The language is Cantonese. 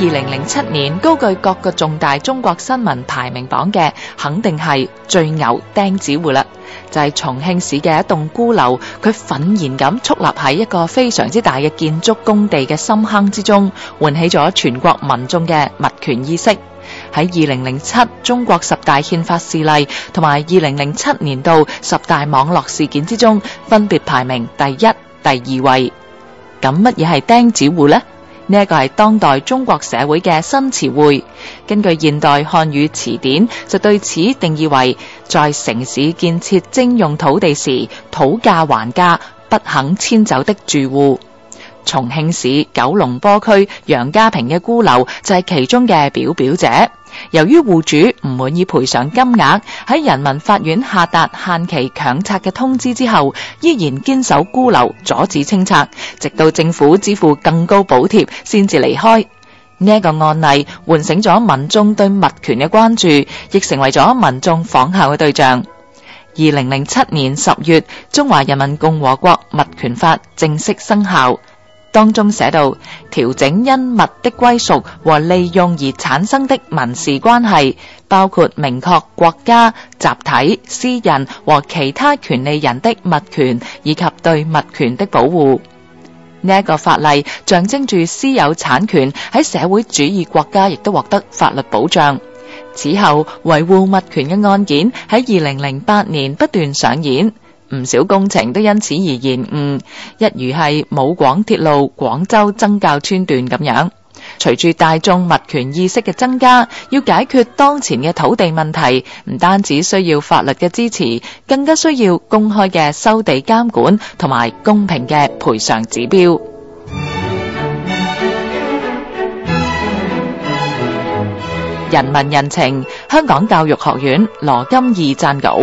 二零零七年高踞各個重大中國新聞排名榜嘅，肯定係最牛釘子戶啦！就係重慶市嘅一棟孤樓，佢憤然咁矗立喺一個非常之大嘅建築工地嘅深坑之中，喚起咗全國民眾嘅物權意識。喺二零零七中國十大憲法事例同埋二零零七年度十大網絡事件之中，分別排名第一、第二位。咁乜嘢係釘子戶呢？呢一個係當代中國社會嘅新詞彙，根據現代漢語詞典就對此定義為，在城市建設徵用土地時，討價還價不肯遷走的住戶。重慶市九龍坡區楊家坪嘅孤樓就係其中嘅表表者。由於戶主唔滿意賠償金額，喺人民法院下達限期強拆嘅通知之後，依然堅守孤樓阻止清拆，直到政府支付更高補貼先至離開。呢、這、一個案例喚醒咗民眾對物權嘅關注，亦成為咗民眾仿效嘅對象。二零零七年十月，《中華人民共和國物權法》正式生效。當中寫到，調整因物的歸屬和利用而產生的民事關係，包括明確國家、集體、私人和其他權利人的物權，以及對物權的保護。呢一個法例象徵住私有產權喺社會主義國家亦都獲得法律保障。此後，維護物權嘅案件喺2008年不斷上演。唔少工程都因此而延誤，一如係武廣鐵路廣州增滘村段咁樣。隨住大眾物權意識嘅增加，要解決當前嘅土地問題，唔單止需要法律嘅支持，更加需要公開嘅收地監管同埋公平嘅賠償指標。人民人情，香港教育學院羅金義撰稿。